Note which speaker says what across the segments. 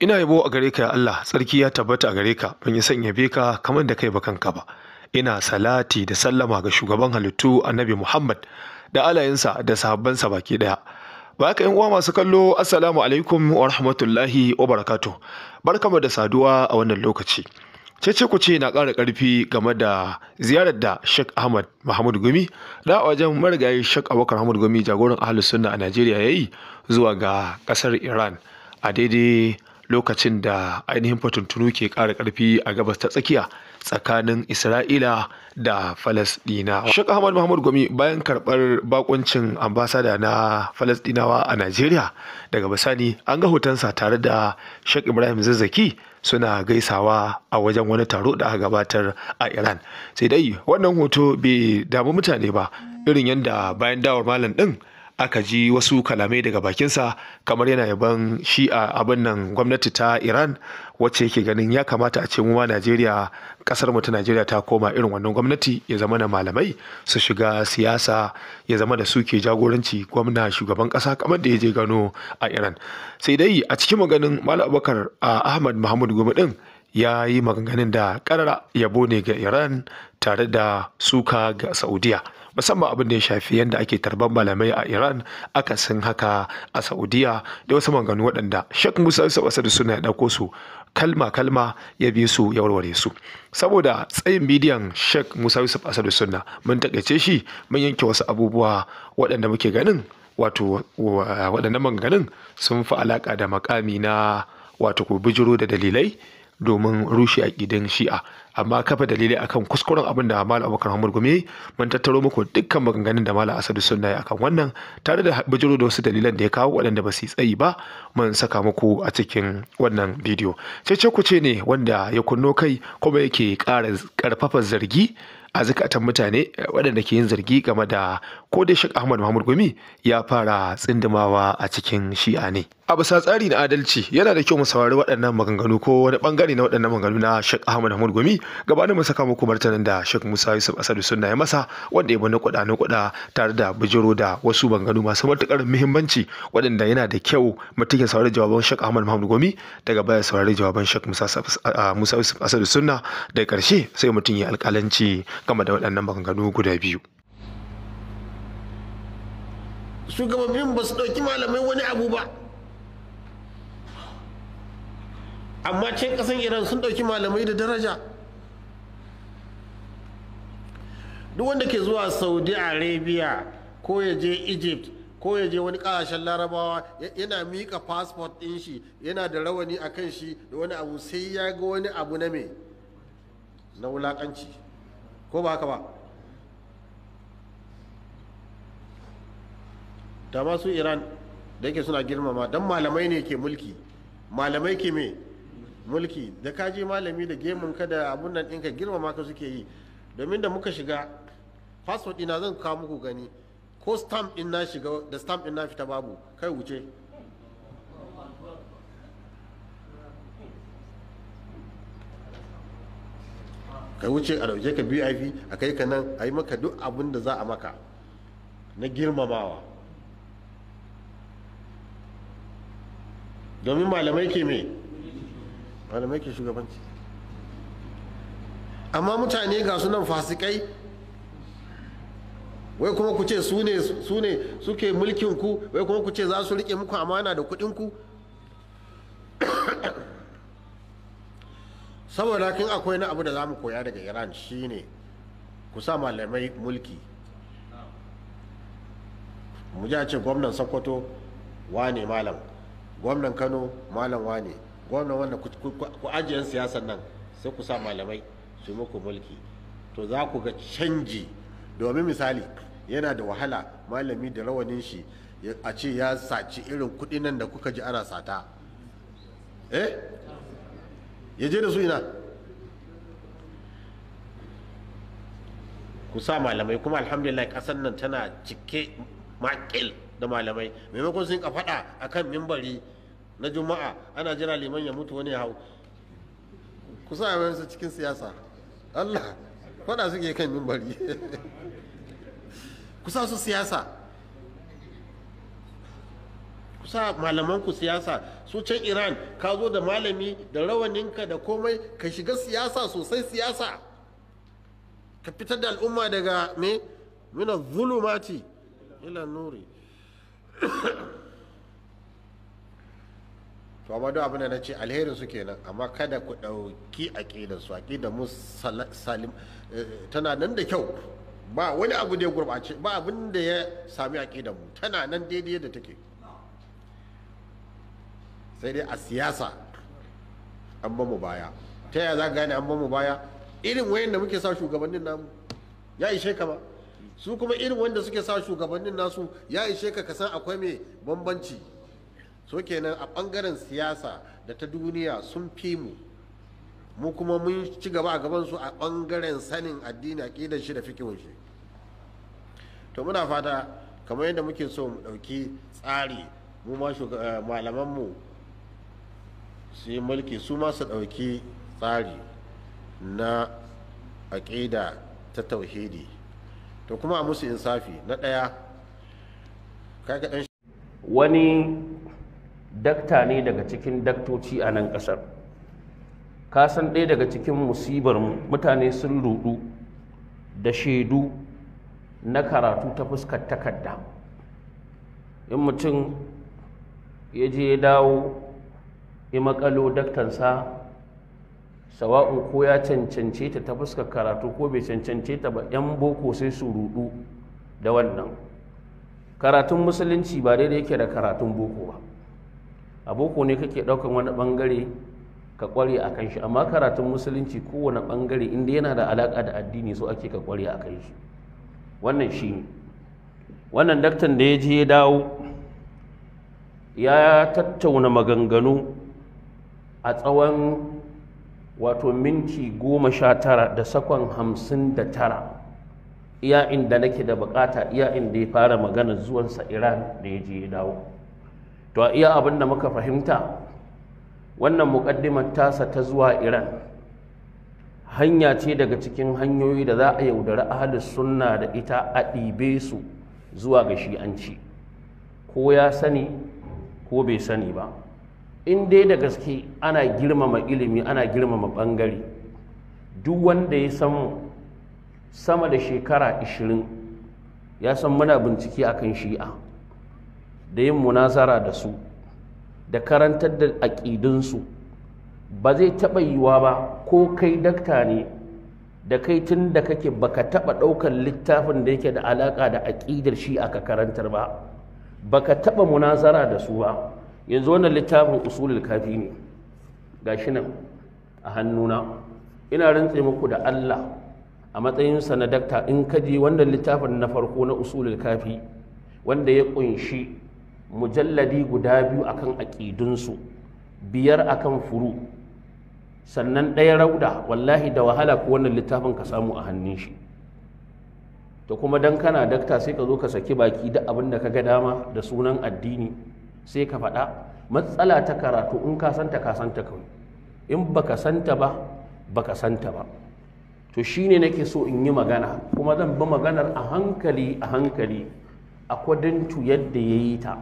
Speaker 1: ina yabo a gare ka ya Allah tsarki ya tabbata a gare ka ban yi sanya be ka kamar da kai bakanka ba ina salati da sallama ga shugaban halittu annabi Muhammad da alayensa da sahabbansa baki daya Baka yan uwa masu kallo assalamu alaikum wa rahmatullahi wa bar barkamu da saduwa a wannan lokaci cece ku ce na ƙara ƙarfi game da ziyarar da Sheikh Ahmad Mahmud Gumi da wajen marigayi shek Abubakar Mahmud Gumi jagoran Ahlus Sunna a Najeriya ya yi zuwa ga ƙasar Iran a daidai lokacin da ainihin fatuntunu ke ƙara ƙarfi a gabas ta tsakiya tsakanin isra'ila da falasɗina shaka ahmad muhammad gwami bayan karɓar bakuncin ambasada na falasɗinawa a najeriya daga bisani an ga hotonsa tare da shek ibrahim zazzaki suna gaisawa a wajen wani taro da aka gabatar a iran sai dai wannan hoto bai damu mutane ba irin yadda bayan dawar malam ɗin aka ji wasu kalamai daga bakinsa kamar yana yaban shi a abin nan gwamnati ta iran wacce yake ganin ya kamata a ce mu ma najeriya kasar mu ta najeriya ta koma irin wannan gwamnati ya zama na malamai su shiga siyasa ya zama da suke jagoranci gwamna shugaban kasa kamar da ya je gano a iran sai dai a cikin maganin malam abubakar ahmad muhammad gumi din ya yi maganganun da karara yabo ne ga iran tare da suka ga saudiya musamman abin da ya shafi yadda ake tarban malamai a Iran aka akasin haka a Saudiya da wasu manganu waɗanda Sheikh Musa Yusuf da suna ya ɗauko su kalma-kalma ya bi su ya warware su saboda tsayin bidiyon Sheikh Musa Yusuf Asadu Sunna mun takaice shi mun yanke wasu abubuwa waɗanda muke ganin wato waɗannan maganganun sun fi alaƙa da makami na wato ko bijiro da dalilai domin rushe a gidan shi'a amma kafa dalili akan kuskuren abin da malam abubakar muhammad gumi mun tattaro muku dukkan maganganun da malam asadu sunna akan wannan tare da bijiro da wasu dalilan da ya kawo waɗanda ba su tsayi ba mun saka muku a cikin wannan bidiyo cece ku ce ne wanda ya kunno kai kuma yake ƙara ƙarfafa zargi a zukatan mutane eh, waɗanda ke yin zargi game da ko dai Sheikh Ahmad Muhammad Gumi ya fara tsindimawa a cikin shi'a ne. A bisa tsari na adalci yana da kyau mu saurari waɗannan maganganu ko wani bangare na waɗannan maganganu na shek Ahmad Muhammad Gumi gabanin mu saka muku martanin da shek Musa Yusuf Asadu Sunna ya masa wanda ya bani kuɗa na kuɗa tare da bijiro da wasu maganganu masu matuƙar muhimmanci waɗanda yana da kyau mutum ya saurari jawaban shek Ahmad Muhammad Gumi daga baya saurari jawaban shek Musa Yusuf Asadu Sunna da ƙarshe sai mutum ya alƙalanci game da waɗannan maganganu guda biyu
Speaker 2: shugabannin ba su ɗauki malamai wani abu ba amma can ƙasan iran sun ɗauki malamai da daraja duk wanda ke zuwa saudi arabia ko ya je egypt ko ya je wani ƙasashen larabawa yana miƙa fasfot ɗin shi yana da rawani a kan shi da wani abu sai ya ga wani abu na me na wulaƙanci ko ba haka ba da masu iran da yake suna girmama don malamai ne ke mulki malamai ke me mulki da kaji malami da gemun ka da abun nan ɗinka girmama ka suke yi domin da muka shiga fasfot ɗina zan kawo muku gani ko stamp ɗin na shiga da stamp ɗin na fita babu kai wuce ka wuce a dauke ka vip a kai ka nan a yi maka duk abin da za a maka na girmamawa domin malamai ke me malamai ke shugabanci amma mutane ga sunan fasikai wai kuma ku ce su ne suke mulkinku wai kuma ku ce za su rike muku amana da kudinku saboda kin akwai na abu da za mu koya daga iran shine ku sa malamai mulki mu ja ce gwamnan sokoto wane malam gwamnan kano malam wane gwamnan wanda ku ajiyar siyasan nan sai ku sa malamai su muku mulki to za ku ga canji domin misali yana da wahala malami da rawanin shi a ce ya saci irin kudi nan da kuka ji ana sata eh ya je da su ina ku sa malamai kuma alhamdulillah kasan nan tana cike makil da malamai maimakon sun ka a akan mimbari na juma'a ana jira liman ya mutu wani hau ku sa su cikin siyasa Allah fada suke kan mimbari ku sa su siyasa kusa malaman ku siyasa su can iran ka zo da malami da rawaninka da komai ka shiga siyasa sosai siyasa ka fitar da al'umma daga me mina zulumati ila nuri to amma duk abin da na ce alherin su kenan amma kada ku ɗauki aƙidar su aƙidar mu salim eh, tana nan da kyau ba wani abu da ya gurɓace ba abin da ya sami aƙidar mu tana nan daidai da take sai dai a siyasa an ba mu baya ta yaya za ka gane an ba mu baya irin wayan da muke sa shugabannin namu ya ishe ka ba su kuma irin wanda suke sa shugabannin nasu ya ishe ka kasan akwai mai bambanci so kenan a bangaren siyasa da ta duniya sun fi mu mu kuma mun ci gaba a gaban su a bangaren sanin addini aqidar shi da fikihun shi to muna fata kamar yadda muke so mu dauki tsari mu ma eh, malaman mu sai mulki su masu su ɗauki tsari na aƙida ta tauhidi to kuma a musu insafi na ɗaya kaga ɗan wani dakta ne daga cikin daktoci
Speaker 3: a nan ƙasar ka san ɗaya daga cikin musibar mutane sun rudu da shaidu na karatu ta fuskar takarda in mutum ya je ya dawo yi makalo daktansa sawa'un ko ya cancance ta ta fuskar karatu ko bai cancance ta ba 'yan boko sai su rudu da wannan karatun musulunci ba daidai yake da karatun boko ba a boko ne kake daukan wani ɓangare ka kware a kan shi amma karatun musulunci kowane ɓangare inda yana da alaƙa da addini so ake ka kware a kan shi wannan shi ne wannan daktan da ya je ya dawo ya tattauna maganganu a tsawon wato minti goma sha tara da sakon hamsin da tara iya inda nake da bukata iya inda ya fara magana zuwansa iran da ya je ya dawo to iya abin da muka fahimta wannan mukaddimar tasa ta zuwa iran hanya ce daga cikin hanyoyi da za a yaudari ahalus sunna da ita a ɗibe su zuwa ga shi'anci ko ya sani ko bai sani ba in dai da gaske ana girmama ilimi ana girmama ɓangare duk wanda ya san sama da shekara 20 ya san muna bincike akan shi'a da yin munazara da su da karantar da aƙidinsu ba zai taɓa yiwa ba ko kai dakta ne da kai tun da kake baka taɓa ɗaukar littafin da yake da alaƙa da aƙidar shi ka karantar ba baka taɓa munazara da su ba yanzu wannan littafin usulul kafi ne gashi nan a hannuna ina rantse muku da Allah a matsayin sa na dakta in kaji wannan littafin na farko na usulul kafi wanda ya kunshi mujalladi guda biyu akan aƙidunsu biyar akan furu sannan ɗaya rauda wallahi da wahala ko wannan littafin ka samu a hannun shi to kuma dan kana dakta sai ka zo ka saki baki da abinda ka ga dama da sunan addini sai ka faɗa matsala ta karatu in ka santa ka santa kawai in baka santa ba baka santa ba to shine nake so in yi magana kuma zan bi maganar a hankali a hankali a kwadintu yadda ya yi ta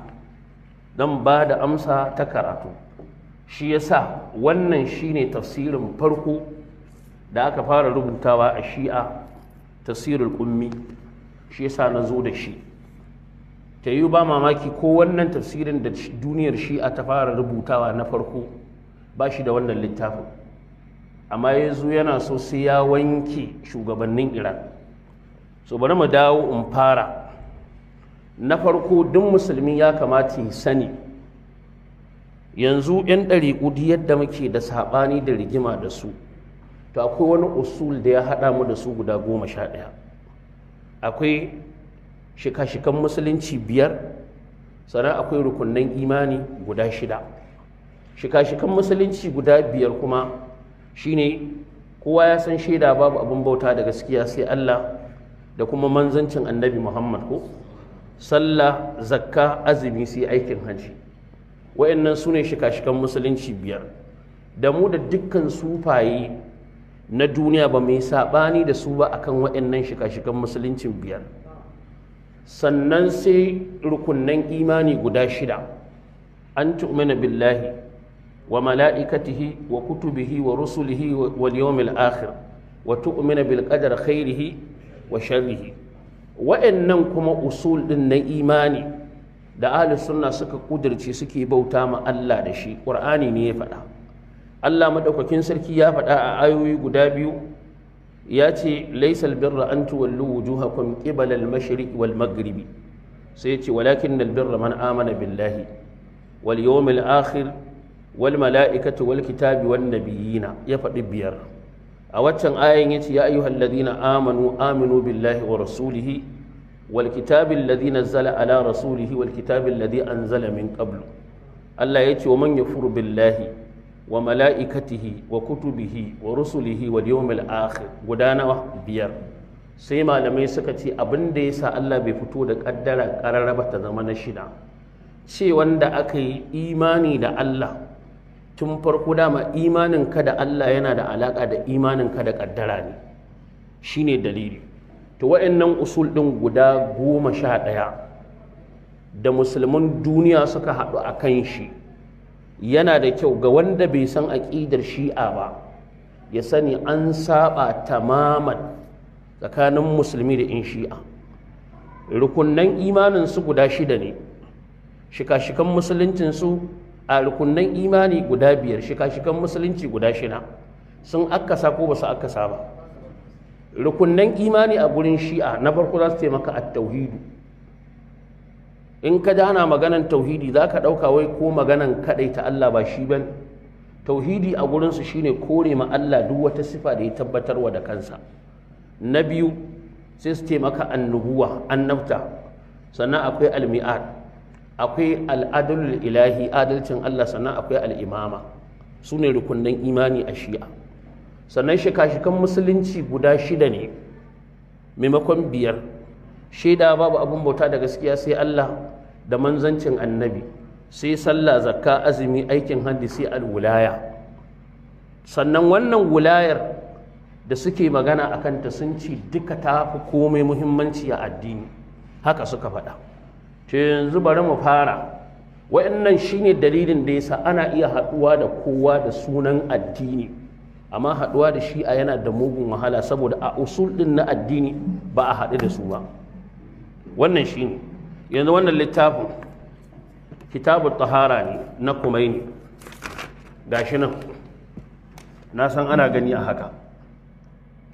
Speaker 3: don ba da amsa ta karatu shi yasa wannan shine tafsirin farko da aka fara rubutawa a shi'a tasirin ummi shi yasa na zo da shi ta yi ba mamaki ko wannan tafsirin da duniyar shi a ta fara rubutawa na farko ba shi da wannan littafin amma ya zo yana so sai ya wanke shugabannin iran so bari mu dawo in fara na farko duk musulmi ya kamata ya sani yanzu 'yan ɗariƙu yadda muke da saɓani da rigima da su to akwai wani usul da ya haɗa mu da su guda goma sha ɗaya akwai shika-shikan musulunci biyar sannan akwai rukunnan imani guda shida shika-shikan musulunci guda biyar kuma shine kowa ya san shaida babu abin bauta da gaskiya sai Allah da kuma manzancin annabi Muhammad ko sallah zakka azumi sai aikin haji wa'annan su ne shika-shikan musulunci biyar da mu da dukkan sufaye na duniya ba mai saɓani da su ba akan wa'annan shika-shikan musuluncin biyar sannan sai rukunnan imani guda shida an tu'mina billahi wa mala'ikatihi wa kutubihi wa rusulihi wal yawmil akhir wa tu'mina bil qadar khairihi wa sharrihi wa'annan kuma usul din na imani da ahli sunna suka kudirce suke bauta ma Allah da shi ƙur'ani ne ya faɗa Allah madaukakin sarki ya faɗa a ayoyi guda biyu ya ce laisal birra an tuwallu wujuhakum qibala al-mashriq wal maghribi sai ya ce walakin al-birra man amana billahi wal yawmil akhir wal mala'ikati wal kitabi wan nabiyina ya faɗi biyar a waccan ayan yace ya ayyuhal ladina amanu aminu billahi wa rasulihi wal kitabi alladhi nazzala ala rasulihi wal kitabi alladhi anzala min qablu Allah ya ce wa man yafuru billahi wa mala'ikatihi wa kutubihi wa rusulihi wa yawmil akhir gudana biyar sai malamai suka ce abin da yasa Allah bai fito da kaddara kararraba ta zama na shida ce da aka yi imani da Allah tun farko dama imanin ka da Allah yana da alaka da imanin ka da kaddara ne shine dalili to waɗannan usul ɗin guda goma sha ɗaya da musulman duniya suka haɗu a kan shi yana da kyau ga wanda bai san aƙidar shi'a ba ya sani an saba tamaman tsakanin musulmi da in shi'a rukunnan imaninsu guda shida ne shika-shikan musuluncinsu a rukunnan imani guda biyar shika-shikan musulunci guda shida sun akasa ko ba su akasa ba rukunnan imani a gurin shi'a na farko za su taimaka a tauhidu in ka ana maganan tauhidi za ka ɗauka wai ko maganan kaɗai ta Allah ba shi ba tauhidi a gurinsu shine kore ma Allah duk wata sifa da ya tabbatar wa da kansa na biyu sai su taimaka annubuwa annabta sannan akwai almi'ad akwai al'adulul ilahi adalcin Allah sannan akwai al'imama su ne rukunnan imani a shi'a sannan shika-shikan musulunci guda shida ne maimakon biyar shaida babu abin bauta da gaskiya sai Allah da manzancin annabi sai sallah zakka azumi aikin hajji sai alwulaya sannan wannan wulayar da suke magana a kanta sun ci duka ta fi komai muhimmanci a addini haka suka faɗa to yanzu bari mu fara wa'annan shine dalilin da yasa ana iya haɗuwa da kowa da sunan addini amma haɗuwa da shi'a yana da mugun wahala saboda a usul ɗin na addini ba a haɗu da su ba wannan shine yanzu wannan littafin kitabun tahara ne na kumaini shi nan na san ana gani a haka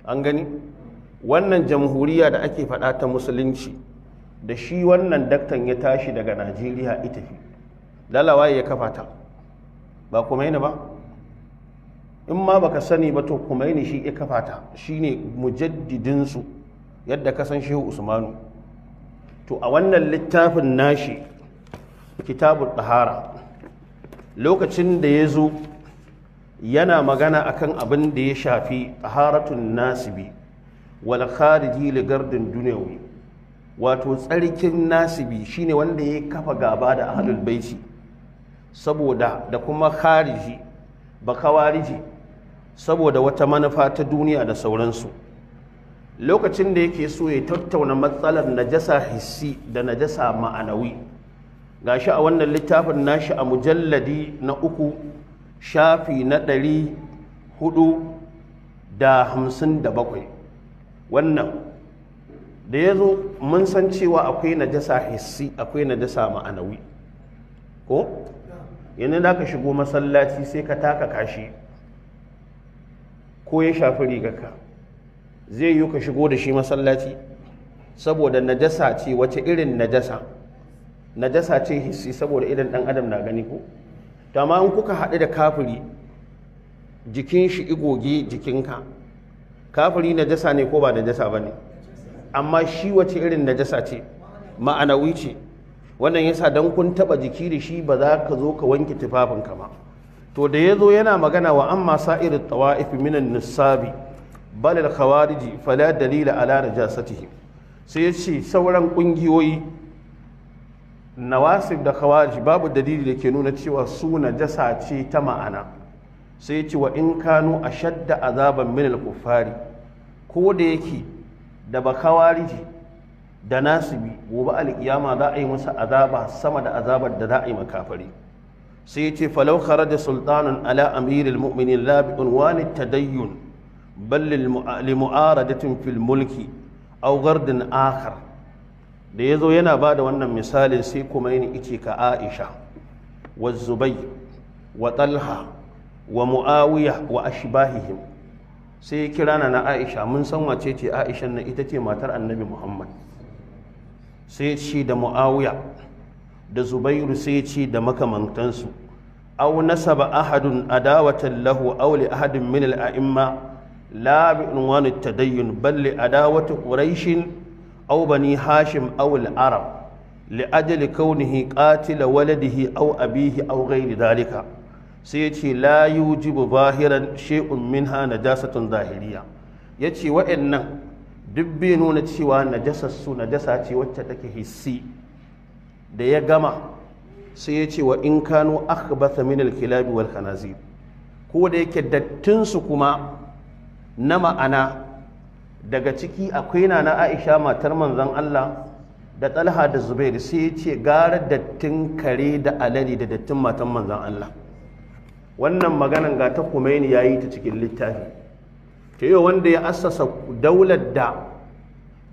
Speaker 3: an gani wannan jamhuriya da ake faɗa ta musulunci da shi wannan daktan ya tashi daga najeriya ita fi lalawa ya kafa ta ba kumaini ba in ma baka sani ba to kumaini shi ya kafa ta Shi ne mujaddidinsu yadda kasan shehu usmanu to a wannan littafin nashi kitabul ɗahara lokacin da ya zo yana magana akan abin da ya shafi ɗaharatun nasibi wal khariji li gardin duniyawi wato tsarkin nasibi shine wanda ya kafa gaba da ahlul baiti saboda da kuma khariji ba kawariji saboda wata manufa ta duniya da sauransu lokacin da yake so ya tattauna matsalar najasa hissi da najasa ma'anawi ga shi a wannan littafin nashi a mujalladi na uku shafi na ɗari hudu da hamsin da bakwai wannan da ya zo mun san cewa akwai najasa hissi akwai najasa ma'anawi ko yanzu da ka shigo masallaci sai ka taka kashi ko ya shafi rigarka zai yi ka shigo da shi masallaci saboda najasa ce wace irin najasa najasa ce hissi saboda idan dan adam na gani ko amma in kuka haɗu da kafiri jikin shi igoge jikinka kafiri najasa ne ko ba najasa ba ne amma shi wace irin najasa ce ma'anawi ce wannan yasa dan kun taba jiki da shi ba za ka zo ka wanke tufafinka ba to da ya zo yana magana wa amma sa'irin tawa'if minan nisabi balil khawariji fala dalila ala najasatihim sai yace sauran kungiyoyi nawasib da khawarij babu dalili da ke nuna cewa su najasa ce ta ma'ana sai yace wa in kanu ashadda azaban min al-kuffari ko da yake da ba khawariji da nasibi gobe alkiyama za a yi masa azaba sama da azabar da za a yi makafari sai yace falau kharaja sultanun ala amiril mu'minin la bi unwani tadayyun bal li mu'aradatin fil mulki aw gardin da da zo yana ba da wannan misalin sai kuma yin ice ka Aisha wa Zubai wa Talha wa Muawiya wa ashbahihim sai kira na Aisha mun san wace ce Aisha na ita ce matar Annabi Muhammad sai ci da Muawiya da Zubairu sai ci da makamantansu Au nasaba ahadun adawatan lahu aw li ahadin min al-a'imma la bi unwan at-tadayyun bal li adawati au bani hashim au al-arab li ajli kaunihi qatila waladihi aw abihi aw ghairi dalika sai yace la yujibu zahiran shay'un minha najasatun zahiriya yace wa'annan duk bai nuna cewa najasar su najasa ce wacce take hissi da ya gama sai ya ce wa in kano akhbatha min al-kilab wal ko da yake dattin su kuma na ma'ana daga ciki akwai na na aisha matar manzon Allah da Tsalha da Zubairu sai ya ce gara dattin kare da alali da dattin matan manzon Allah wannan maganan ga ta kumaini ya yi ta cikin littafi ta yi wanda ya assasa daular da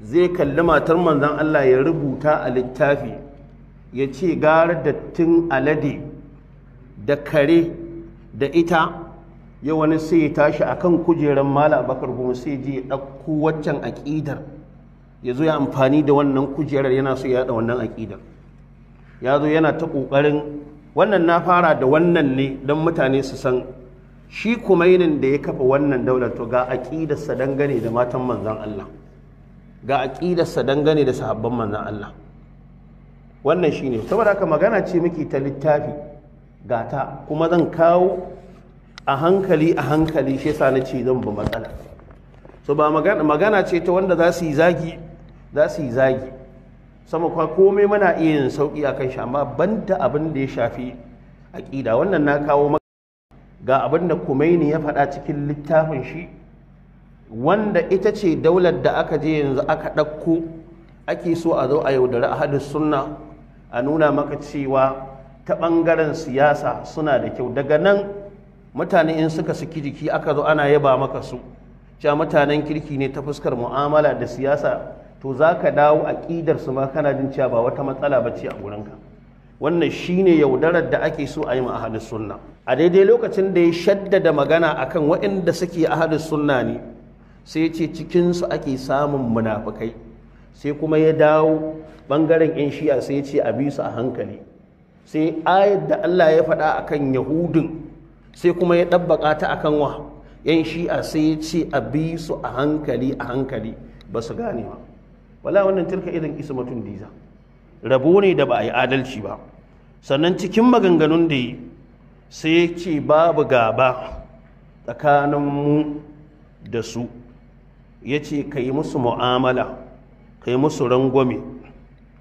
Speaker 3: zai kalli matar manzon Allah ya rubuta a littafi ya ce gara dattin alade da kare da ita yau wani sai ya tashi akan kujeran mala bakar goma sai je ya ɗauko waccan aƙidar ya zo ya amfani da wannan kujerar yana so ya da wannan aƙidar ya zo yana ta ƙoƙarin wannan na fara da wannan ne don mutane su san shi kuma yinin da ya kafa wannan daular to ga aƙidarsa dangane da matan manzan Allah ga aƙidarsa dangane da sahabban manzan Allah wannan shine saboda haka magana ce muke ta littafi ga ta kuma zan kawo a hankali a hankali shi yasa na ce zan ba matsala so ba magana ce ta wanda za su yi zagi za su yi zagi sama kwa komai muna iya yin sauki akan shi amma banda abin da ya shafi aƙida wannan na kawo maka ga abin da Kumaini ya faɗa cikin littafin shi wanda ita ce daular da aka je yanzu aka ɗauko ake so a zo a yaudari ahadus sunna a nuna maka cewa ta ɓangaren siyasa suna da kyau daga nan mutane in suka saki jiki aka zo ana yaba maka su cewa mutanen kirki ne ta fuskar mu'amala da siyasa to za ka dawo aƙidar su ma kana jin cewa ba wata matsala ba ce a gurinka wannan shine yaudarar da ake so a yi ma ahlus sunna a daidai lokacin da ya shaddada magana akan waɗanda suke ahlus sunna ne sai ce cikin ake samun munafukai sai kuma ya dawo bangaren yan shi'a sai ce a bi su a hankali sai ayar da Allah ya faɗa akan Yahudun. sai kuma ya ɗabbaka ta akan wa yan shi'a sai ya ce a bi su a hankali a hankali ba su gane ba wala wannan tilka irin mutum diza rabo ne da ba a yi adalci ba sannan cikin maganganun da yi sai ya ce babu gaba tsakanin mu da su ya ce ka yi musu mu'amala ka yi musu rangwame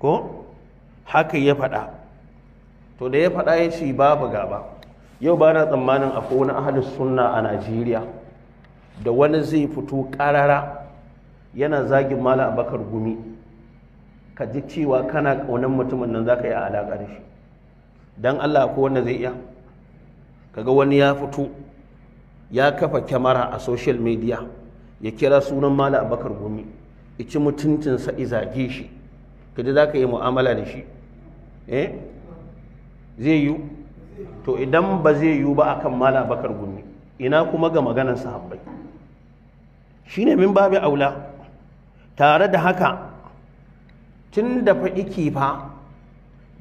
Speaker 3: ko haka ya faɗa to da ya faɗa ya ce babu gaba yau ba na tsammanin a wani ahalin sunna a najeriya da wani zai fito karara yana zagin mala bakar gumi ka ji cewa kana ƙaunar mutumin nan za ka yi a alaƙa da shi don allah ko wanda zai iya kaga wani ya fito ya kafa kyamara a social media ya kira sunan mala abakar gumi ici mutuncinsa izage shi kaji za ka yi mu'amala da shi eh zai yiwu to idan ba zai yiwu ba akan mala bakar gumi ina kuma ga maganar sahabbai ne min babu aula tare da haka tun da faɗi fa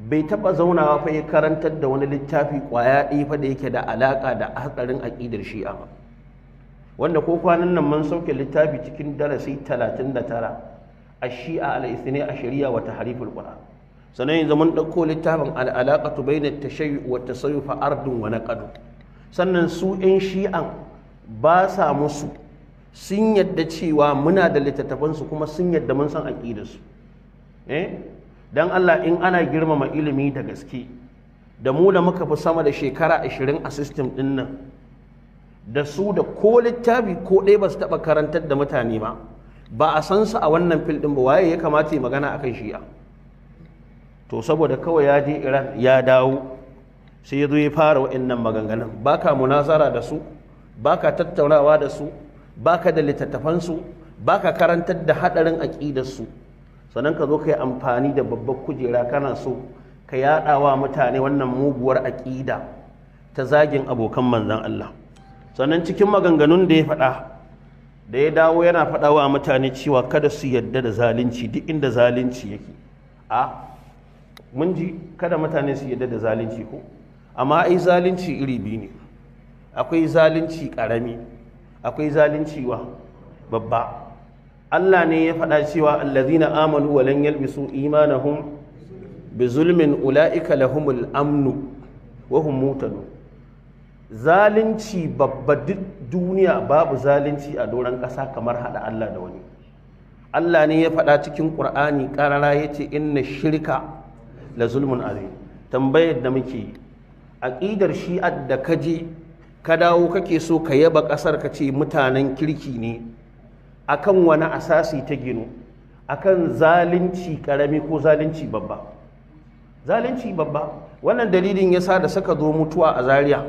Speaker 3: bai taba zaunawa fa ya karantar da wani littafi kwaya ɗaya fa da yake da alaƙa da hatsarin aƙidar shi'a ba wanda ko kwanan nan mun sauke littafi cikin darasi 39 a shi'a al a shari'a wata harifin qur'an sannan yanzu mun ɗauko littafin tu bai na tashayi wa tasayufa ardun wa ƙadu sannan su 'yan shi'an ba sa musu sun yadda cewa muna da littattafansu kuma sun yadda mun san aƙidarsu eh? don Allah in ana girmama ilimi da gaske da mu da muka fi sama da shekara ashirin a system ɗin nan da su da ko littafi ko ɗaya ba su taɓa karantar da mutane ba ba a san su a wannan fil ɗin ba waye ya kamata yi magana akan shi'a to saboda kawai ya je iran ya dawo sai ya zo ya fara wa'annan maganganun ba ka munazara da su ba ka tattaunawa da su ba ka da littattafansu ka karantar da hadarin su sannan ka zo ka yi amfani da babbar kujera kana so ka yaɗa wa mutane wannan muguwar aƙida ta zagin abokan manzan Allah sannan cikin maganganun da ya faɗa da ya dawo yana faɗa wa mutane cewa kada su yadda da zalunci duk inda zalunci yake a mun ji kada mutane su yadda da zalunci ko amma ai zalunci iri biyu ne akwai zalunci karami akwai zalunci wa babba Allah ne ya faɗa cewa allazina amanu wa lan yalbisu imanahum bi zulmin ulaika lahumul amnu wa hum mutadun zalunci babba duk duniya babu zalunci a doron ƙasa kamar haɗa Allah da wani Allah ne ya faɗa cikin Ƙur'ani ƙarara ya ce inna shirka la zulmun azim tambayar da muke aqidar shi'a da kaje ka dawo kake so ka yaba kasar ka ce mutanen kirki ne akan wani asasi ta gino akan zalunci karami ko zalunci babba zalunci babba wannan dalilin yasa da saka zo mutuwa a zaria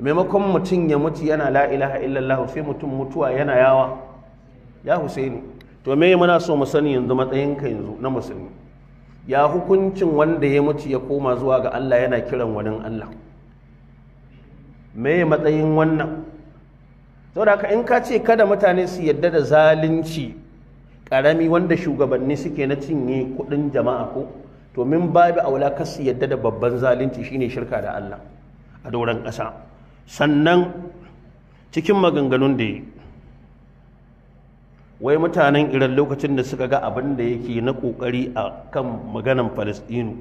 Speaker 3: maimakon mutum ya mutu yana la ilaha illallah sai mutum mutuwa yana yawa ya husaini to me muna so mu sani yanzu matsayinka yanzu na musulmi ya hukuncin wanda ya mutu ya koma zuwa ga Allah yana kiran wani Allah me matsayin wannan saboda in ka ce kada mutane su yadda da zalunci karami wanda shugabanni suke na cinye kudin jama'a ko to min babu aula su yadda da babban zalunci shine shirka da Allah a doron ƙasa sannan cikin maganganun da yi wai mutanen iran lokacin da suka ga abin da yake na kokari a kan maganan Falasɗinu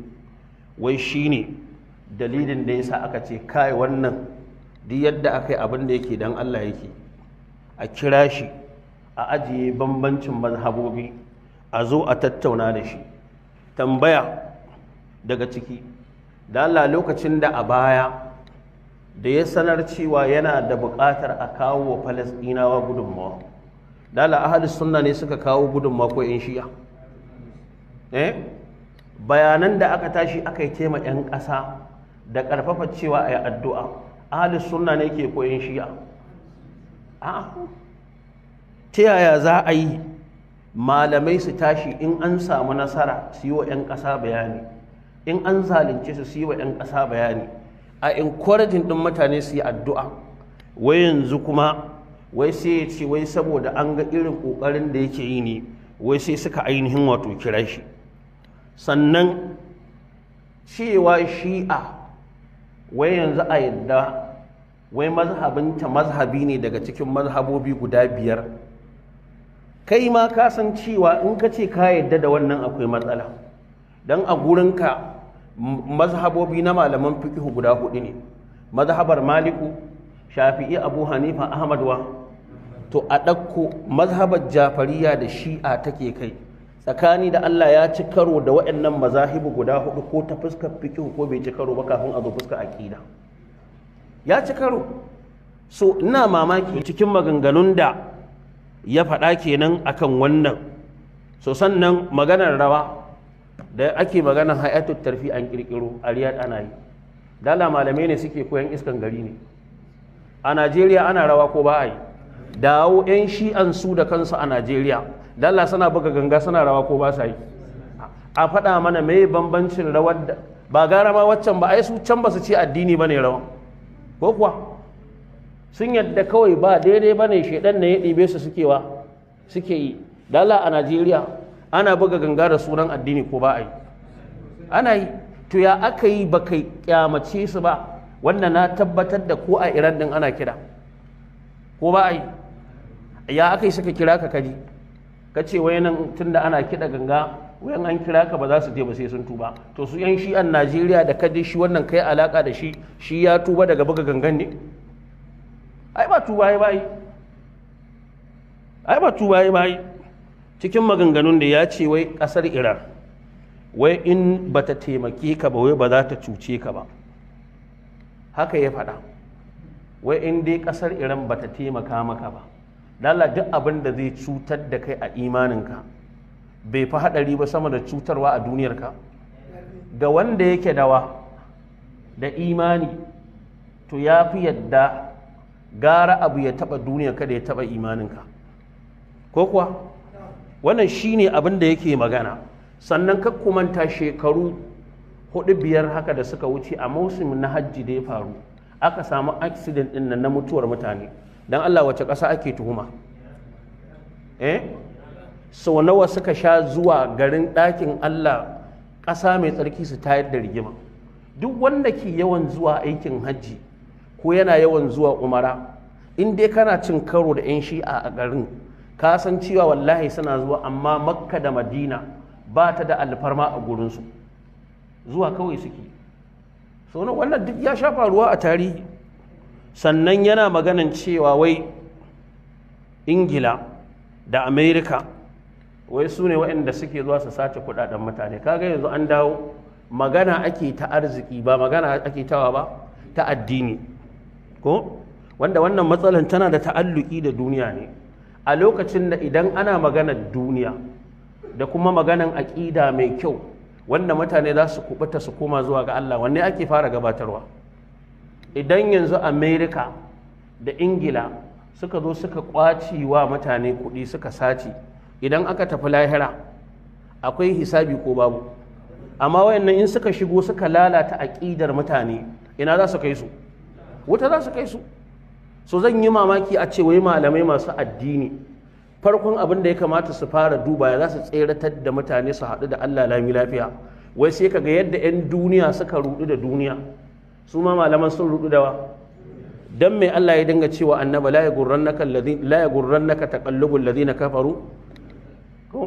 Speaker 3: wai shine dalilin da yasa aka ce kai wannan duk yadda aka yi abin da yake don allah yake a kira shi a ajiye bambancin mazhabobi a zo a tattauna da shi tambaya daga ciki da allah lokacin da a baya da ya sanar cewa yana da buƙatar a kawo wa falasɗinawa gudunmawa dala ahalus sunna ne suka kawo gudun mako yan shi'a eh bayanan da aka tashi aka yi tema yan ƙasa da ƙarfafa cewa a yi addu'a ahalus sunna ne ke koyan shi'a a ta yaya za a yi malamai su tashi in an samu nasara su yi wa 'yan ƙasa bayani in an zalunce su su yi wa 'yan ƙasa bayani a inkwarajin ɗin mutane su yi addu'a wai yanzu kuma wai sai ya ce wai saboda an ga irin ƙoƙarin da yake yi ne wai sai suka ainihin wato kira shi sannan cewa shi'a wai yanzu a yadda wai mazhabinta mazhabi ne daga cikin mazhabobi guda biyar kai ma ka san cewa in ka ce ka yadda da wannan akwai matsala don a gurinka mazhabobi na malaman fikihu guda hudu ne mazhabar maliku shafi'i abu hanifa ahmadwa to a ɗakko mazhabar jafariya da shi'a take kai tsakani da Allah ya ci karo da waɗannan mazahibu guda hudu ko ta fuskar fikin ko bai ci karo ba kafin a zo fuskar aƙida ya ci karo so ina mamaki cikin maganganun da ya faɗa kenan akan wannan so sannan maganar rawa da ake maganar hayatu tarfi an kirkiro a riyad ana yi dala malamai ne suke koyan iskan gari ne a najeriya ana rawa ko ba a yi dawo 'yan shi'an su da kansu a najeriya dalla suna buga ganga suna rawa ko ba sa yi a faɗa mana mai bambancin rawar da ba gara ma waccan ba ai su can ba su ce addini ba ne rawa ko kuwa sun yadda kawai ba daidai ba ne shaidan na ya ɗibe su wa suke yi dala a najeriya ana buga ganga da sunan addini ko ba a yi ana yi to ya aka yi ba kai kyamace su ba wannan na tabbatar da ko a iran din ana kira ko ba a yi ya aka yi suka kira ka kaji ka ce wayanan tunda ana kiɗa ganga wayan an kira ka ba za su je ba sai sun tuba to su yan shi'an najeriya da kaji shi wannan kai alaka da shi shi ya tuba daga buga gangan ne ai ba tuba ya bayi ai ba tuba ya bai cikin maganganun da ya ce wai kasar iran wai in ba ta taimake ka ba wai ba za ta cuce ka ba haka ya faɗa wai in dai ƙasar iran ba ta taimaka maka ba lala duk abin da zai cutar da kai a imaninka bai fi haɗari ba sama da cutarwa a duniyarka ga wanda yake dawa da imani to ya fi yadda gara abu ya taɓa duniyarka da ya taɓa imaninka ko kuwa wannan shi ne abin da yake magana sannan ka kumanta shekaru hudu biyar haka da suka wuce a mausim na hajji da ya faru aka samu accident ɗin na mutuwar mutane don Allah wace ƙasa ake tuhuma eh sau nawa suka sha zuwa garin ɗakin Allah ƙasa mai tsarki su tayar da rigima duk wanda ke yawan zuwa aikin hajji ko yana yawan zuwa umara in dai kana cin karo da 'yan shi'a a garin ka san cewa wallahi suna zuwa amma makka da madina ba ta da alfarma a gurinsu zuwa kawai suke so wannan duk ya sha faruwa a tarihi sannan yana maganan cewa wai ingila da amerika wai su ne waɗanda suke zuwa su sace kudaden mutane kaga yanzu an dawo magana ake ta arziki ba magana ake tawa ba ta addini ko wanda wannan matsalan tana da ta'alluki da duniya ne a lokacin da idan ana maganar duniya da kuma maganan aƙida mai kyau wanda mutane za su kubuta su koma zuwa ga Allah wanne ake fara gabatarwa idan yanzu america da ingila suka zo suka kwaci wa mutane kudi suka sace idan aka tafi lahira akwai hisabi ko babu amma wayannan in suka shigo suka lalata aƙidar mutane ina za su kai su wuta za su kai su so zan yi mamaki a ce wai malamai masu addini farkon abin da ya kamata su fara duba ya za su tseratar da mutane su haɗu da Allah lami lafiya wai sai kaga yadda 'yan duniya suka rudu da duniya su ma malaman sun rudu dawa dan me Allah ya dinga cewa annaba la yagurrannaka alladhi la yagurrannaka taqallubul ladina kafaru ko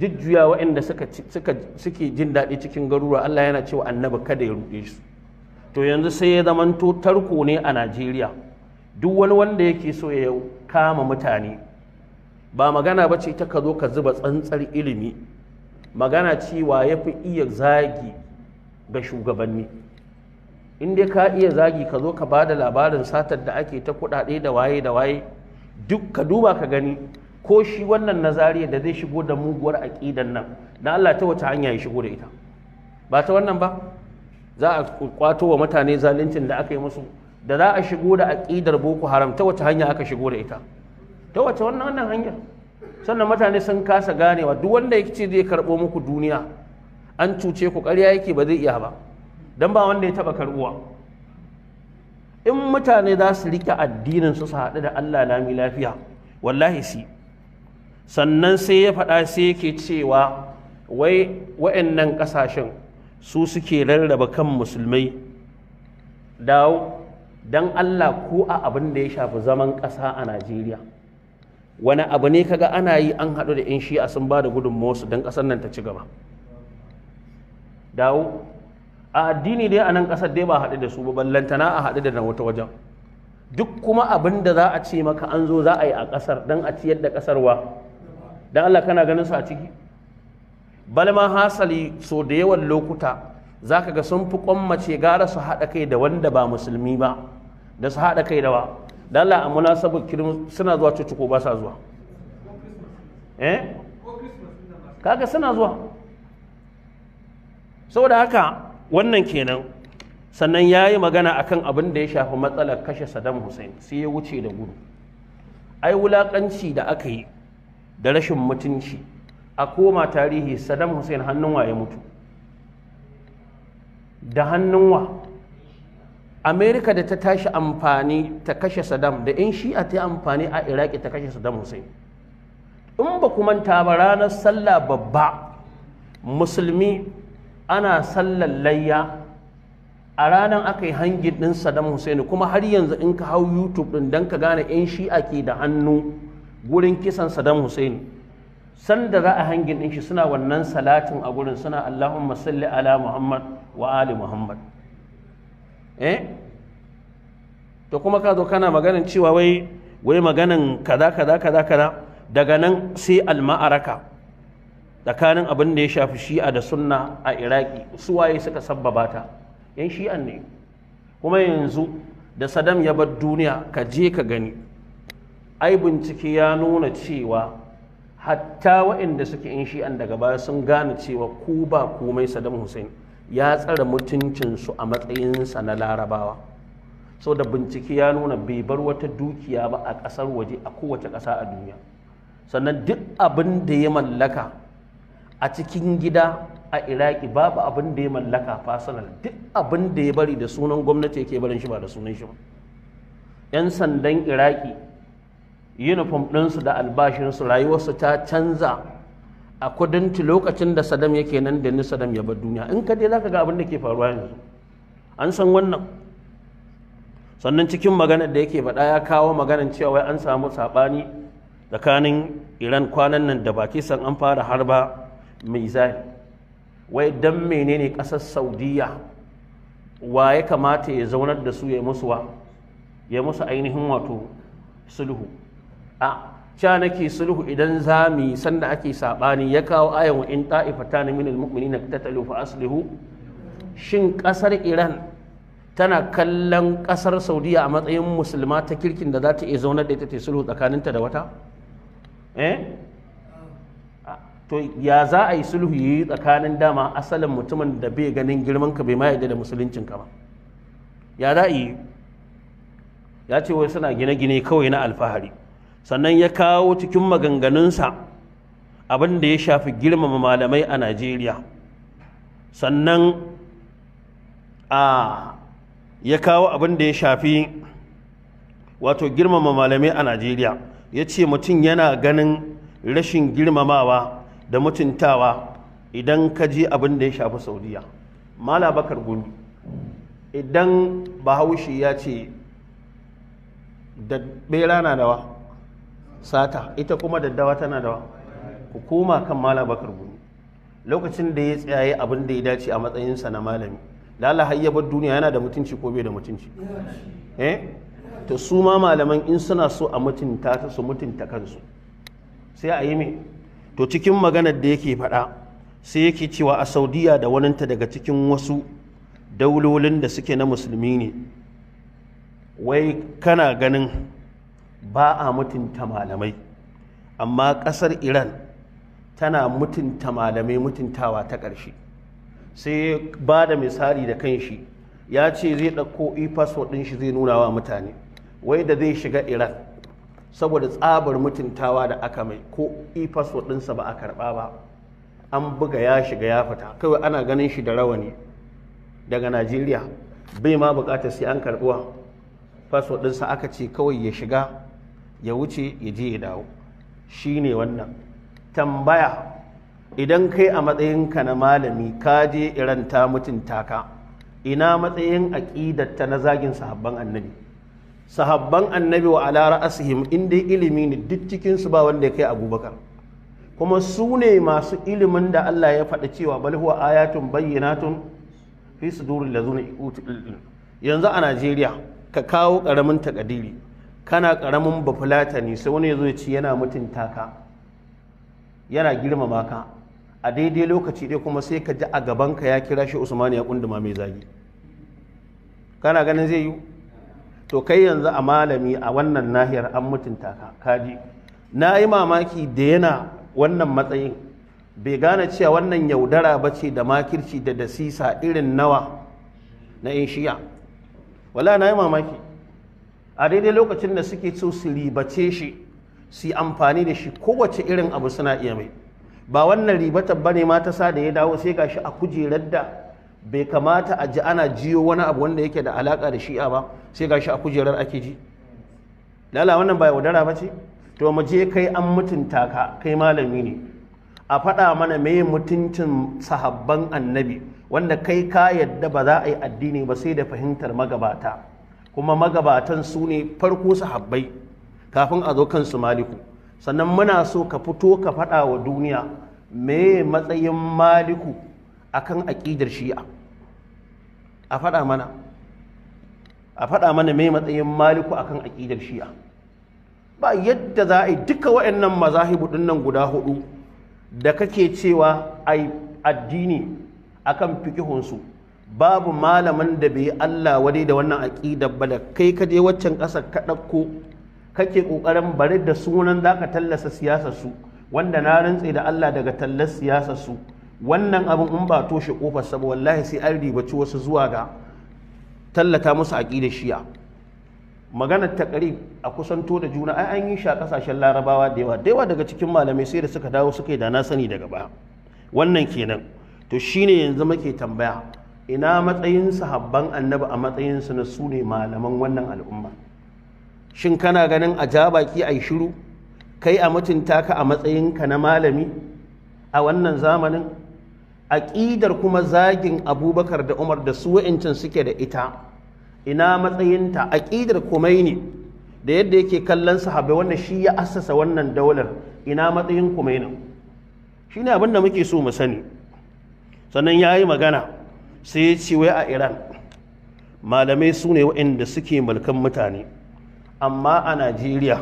Speaker 3: jujjuya waɗanda suke jin daɗi cikin garuruwa Allah yana cewa annaba kada ya rude su to yanzu sai ya zamanto tarko ne a Najeriya duk wani wanda yake so ya kama mutane ba magana ba ce ta ka zo ka zuba tsantsar ilimi magana cewa ya fi iya zagi ga shugabanni in dai ka iya zagi ka zo ka ba da labarin satar da ake ta kuɗaɗe da waye da waye duk ka duba ka gani ko shi wannan nazariya da zai shigo da muguwar aƙidan nan na Allah ta wata hanya ya shigo da ita ba ta wannan ba za a kwato wa mutane zaluncin da aka yi musu da za a shigo da aƙidar boko haram ta wata hanya aka shigo da ita ta wata wannan wannan hanyar sannan mutane sun kasa ganewa duk wanda yake ce zai karɓo muku duniya an cuce ku ƙarya yake ba zai iya ba don ba wanda ya taɓa karbuwa in mutane za su riƙe addinin su su haɗu da Allah lami lafiya wallahi si sannan sai ya faɗa sai yake cewa wai wa'annan ƙasashen su suke rarraba kan musulmai dawo don Allah ko a abin da ya shafi zaman ƙasa a Najeriya wani abu ne kaga ana yi an haɗu da 'yan shi'a sun ba da gudunmawarsu don ƙasar nan ta ci gaba dawo a addini dai a nan ƙasar dai ba haɗu da su ba ballantana a haɗu da na wata wajen duk kuma abin da za a ce maka an zo za a yi a ƙasar don a ciyar da ƙasar wa don Allah kana ganin su a ciki balma hasali so da yawan lokuta za ka ga sun fi kwammace gara su haɗa kai da wanda ba musulmi ba da su haɗa kai da wa don Allah a munasabar suna zuwa cuci ko ba sa zuwa eh kaga suna zuwa saboda haka wannan kenan sannan ya yi magana a kan abin da ya shafi matsalar kashe saddam hussein sai ya wuce da gudu ai wulaƙanci da aka yi da rashin mutunci a koma tarihi saddam hussein hannun ya mutu da hannun wa amerika da ta tashi amfani ta kashe saddam da in shi'a ta yi amfani a iraki ta kashe saddam hussein in ba ku manta ba ranar sallah babba musulmi ana sallar layya a ranar aka yi hangin ɗin Saddam Hussein kuma har yanzu in ka hau YouTube ɗin don ka gane 'yan shi'a ke da hannu gurin kisan Saddam Hussein sanda za a hangin ɗin shi suna wannan salatin a gurin suna Allahumma salli ala Muhammad wa ali Muhammad eh to kuma ka zo kana maganin cewa wai wai maganan kaza kaza kaza kaza daga nan sai al-ma'araka tsakanin abin da ya shafi shi'a da sunna a iraki su waye suka sabbaba ta yan shi'an ne kuma yanzu da sadam ya bar duniya ka je ka gani ai bincike ya nuna cewa hatta waɗanda suke yan shi'an daga baya sun gane cewa ku ba komai sadam hussein ya tsare mutuncinsu a matsayinsa na larabawa sau da bincike ya nuna bai bar wata dukiya ba a ƙasar waje a kowace ƙasa a duniya sannan duk abin da ya mallaka a cikin gida a iraki babu abin da ya mallaka fasalar duk abin da ya bari da sunan gwamnati yake barin shi ba da sunan shi ba yan sandan iraki uniform ɗinsu da albashinsu rayuwarsu ta canza a kudinci lokacin da sadam yake nan da ni sadam ya bar duniya in ka dai za ka ga abin da ke faruwa yanzu an san wannan sannan cikin maganar da yake faɗa ya kawo maganar cewa wai an samu saɓani tsakanin iran kwanan nan da baki san an fara harba mizan wai don menene kasar saudiya wa ya kamata ya zaunar da su ya musu wa ya musu ainihin wato sulhu a cewa nake sulhu idan za mu yi sanda ake saɓani ya kawo ayan wa in ta'ifata na minal mu'minina tatalu fa aslihu shin ƙasar iran tana kallon ƙasar saudiya a matsayin musulma ta kirkin da za ta iya zaunar da ita ta sulhu tsakaninta da wata eh? to ya za a yi sulhu yi tsakanin dama asalin mutumin da bai ganin girman ka bai ma yadda da musuluncin ka ba ya za a yi ya ce wai suna gine-gine kawai na alfahari sannan ya kawo cikin maganganunsa abin da ya shafi girmama malamai a najeriya sannan a ya kawo abin da ya shafi wato girmama malamai a najeriya ya ce mutum yana ganin rashin girmamawa da mutuntawa idan ka ji abin da ya shafi saudiya mala bakar gumi idan bahaushe ya ce da bera na dawa sata ita kuma daddawa tana dawa ku koma kan mala bakar gumi lokacin da ya tsaye abin da ya dace a matsayinsa na malami lala hayyabar duniya yana da mutunci ko bai da mutunci eh to su ma malaman in suna so a mutunta su mutunta kansu sai a yi mai to cikin maganar da yake faɗa sai yake cewa a saudiya da waninta daga cikin wasu daulolin da suke na musulmi ne wai kana ganin ba a mutunta malamai amma ƙasar iran tana mutunta malamai mutuntawa ta ƙarshe sai ba da misali da kanshi ya ce zai ɗauko e-passport ɗin shi zai nuna wa mutane wai da zai shiga iran saboda tsabar mutuntawa da aka mai ko ifaso ɗinsa ba a karɓa ba an buga ya shiga ya fita kawai ana ganin shi da rawani daga najeriya bai ma bukatar sai an karɓuwa faso ɗinsa aka ce kawai ya shiga ya wuce ya je ya dawo shi ne wannan tambaya idan kai a matsayinka na malami ka je iranta ta mutunta ka ina matsayin aƙidatta na zagin sahabban annabi sahabban annabi wa ala ra'asihim inda ilimi ne duk cikin su ba wanda ya kai abubakar kuma su ne masu ilimin da Allah ya faɗi cewa bal huwa ayatun bayyinatun fi suduril ladzina utul yanzu a Najeriya ka kawo karamin takadiri kana karamin bafulata ne sai wani yazo ya ci yana mutunta ka yana girmama ka a daidai lokaci dai kuma sai ka ji a gaban ka ya kira shi Usman ya kunduma mai zagi kana ganin zai yi to kai yanzu a malami a wannan nahiyar an mutunta ka kaji na yi mamaki da yana wannan matsayin bai gane cewa wannan yaudara ba ce da makirci da dasisa irin nawa na in shiya wala na yi mamaki a daidai lokacin da suke so su ribace shi su yi amfani da shi kowace irin abu suna iya mai ba wannan ribatar ba ne ma ta sa da ya dawo sai gashi a kujerar da bai kamata a ji ana jiyo wani abu wanda yake da alaka da shi'a ba sai gashi a kujerar ake ji lala wannan bai yaudara ba ce to mu je kai an mutunta ka kai malami ne a faɗa mana me mutuncin sahabban annabi wanda kai ka yadda ba za a yi addini ba sai da fahimtar magabata kuma magabatan su ne farko sahabbai kafin a zo kan su maliku sannan muna so ka fito ka faɗa wa duniya me matsayin maliku akan aƙidar shi'a a faɗa mana a faɗa mana mai matsayin maliku akan aƙidar shi'a ba yadda za a yi duka wa'annan mazahibu ɗinnan guda hudu da kake cewa a addini akan fikihunsu babu malaman da bai Allah wadai da wannan aƙidar ba da kai ka je waccan ƙasar ka ɗauko kake ƙoƙarin bari da sunan za ka tallasa siyasar wanda na rantse da Allah daga tallar siyasar su wannan abin in ba toshe kofar sa wallahi sai an ci wasu zuwa ga tallata musu shiya shi'a maganar takarib a kusanto da juna ai an yi shi a kasashen larabawa da yawa da yawa daga cikin malamai sai da suka dawo suka yi da na sani daga baya wannan kenan to shine yanzu muke tambaya ina matsayin sahabban annabi a matsayin su na su ne malaman wannan al'umma shin kana ganin a ja baki ai shiru kai a mutunta ka a matsayin ka na malami a wannan zamanin aƙidar kuma zagin abubakar da umar da su wa'incin suke da ita ina matsayinta aƙidar ne da yadda yake kallon sahabai wannan shi ya assasa wannan daular ina matsayin ne? shi ne abinda muke so mu sani sannan ya yi magana sai ya ce wai a iran malamai su ne waɗanda suke mulkan mutane amma a najeriya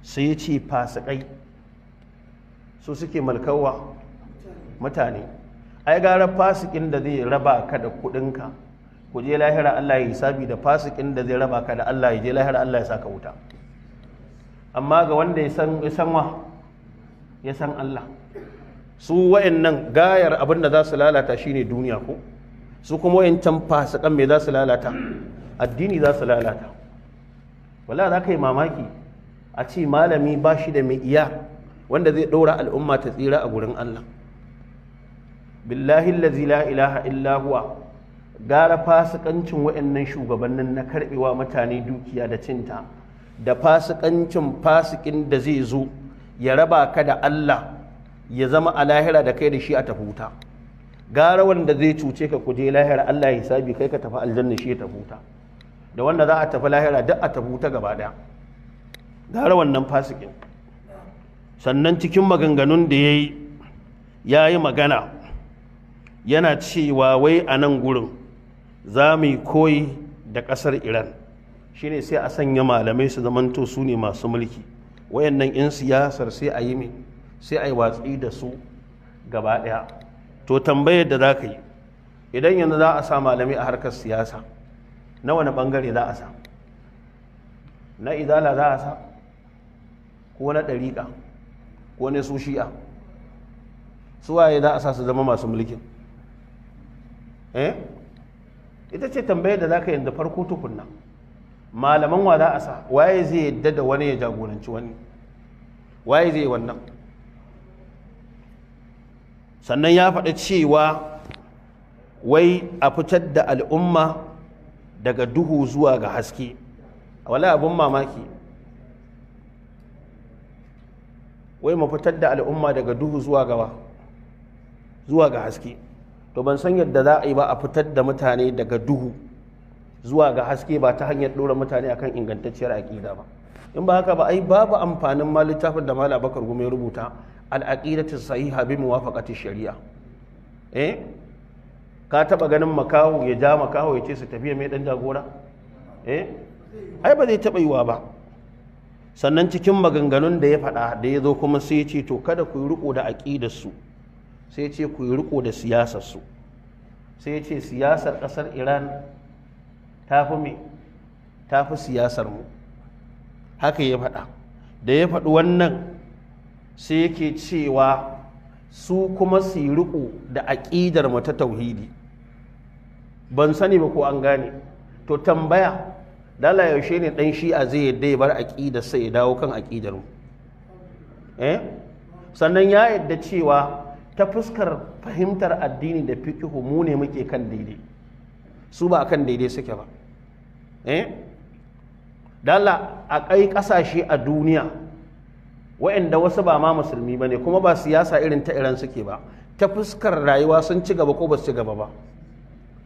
Speaker 3: sai ya ce fasikai su suke mulkawa mutane ai gara fasikin da zai raba ka da kuɗinka ku je lahira Allah ya sabi da fasikin da zai raba ka da Allah ya je lahira Allah ya saka wuta amma ga wanda ya san ya san wa ya san Allah su wayannan gayar abin da za su lalata shine duniya ko su kuma wayancan fasikan me za su lalata addini za su lalata wala za ka yi mamaki a ce malami ba shi da mai iya wanda zai ɗora al'umma ta tsira a gurin Allah billahi allazi la ilaha illa gara fasikancin waɗannan shugabannin na karbewa mutane dukiya da cinta da fasikancin fasikin da zai zo ya raba ka da Allah ya zama a lahira da kai da shi a tafuta gara wanda zai cuce ka kuje lahira Allah ya hisabi kai ka tafi aljanna shi ya tafuta da wanda za a tafi lahira duk a tafuta gaba daya gara wannan fasikin sannan cikin maganganun da yayi yayi magana yana cewa wai a nan gurin za mu yi koyi da ƙasar iran shi ne sai a sanya malamai su zamanto su ne masu mulki wayannan 'yan siyasar sai a yi sai a yi watsi da su gaba ɗaya to tambayar da za ka yi idan yanzu za a sa malamai a harkar siyasa na wani ɓangare za a sa na izala za a sa ko na ɗariƙa ko na su shi'a suwaye za a sa su zama masu mulkin Eh? ita ce tambayar da zaka yi da farko tukunna malaman wa za a sa waye zai yadda da wani ya jagoranci wani waye zai wannan sannan ya faɗi cewa wai a fitar da al'umma daga duhu zuwa ga haske wala abin mamaki wai mafitar da al'umma daga duhu zuwa ga haske to ban san yadda za a yi ba a fitar da mutane daga duhu zuwa ga haske ba ta hanyar ɗora mutane akan ingantacciyar aƙida ba in ba haka ba ai babu amfanin ma littafin da malam bakar gume rubuta al'aqidatu sahiha bi muwafaqati shari'a eh? ka taba ganin makaho ya ja makaho ya ce su tafiya mai dan jagora eh? ai ba zai taba yiwa ba sannan cikin maganganun da ya faɗa da ya zo kuma sai ya ce to kada ku yi riko da aƙidar su sai ce ku yi riko da siyasarsu sai ce siyasar ƙasar iran ta fi me ta fi siyasar haka ya faɗa da ya faɗi wannan sai yake cewa su kuma su yi riko da aƙidar mu ta tauhidi ban sani ba ko an gane to tambaya dala yaushe ne ɗan shi'a zai yadda ya bar aƙidar sai ya dawo kan aƙidar mu eh? sannan ya yadda cewa ta fuskar fahimtar addini da fikihu mu ne muke kan daidai su ba kan daidai suke ba eh? dala a kai ƙasashe a duniya waɗanda wasu ba ma musulmi ba ne kuma ba siyasa irin ta iran suke ba ta fuskar rayuwa sun ci gaba ko ba su ci gaba ba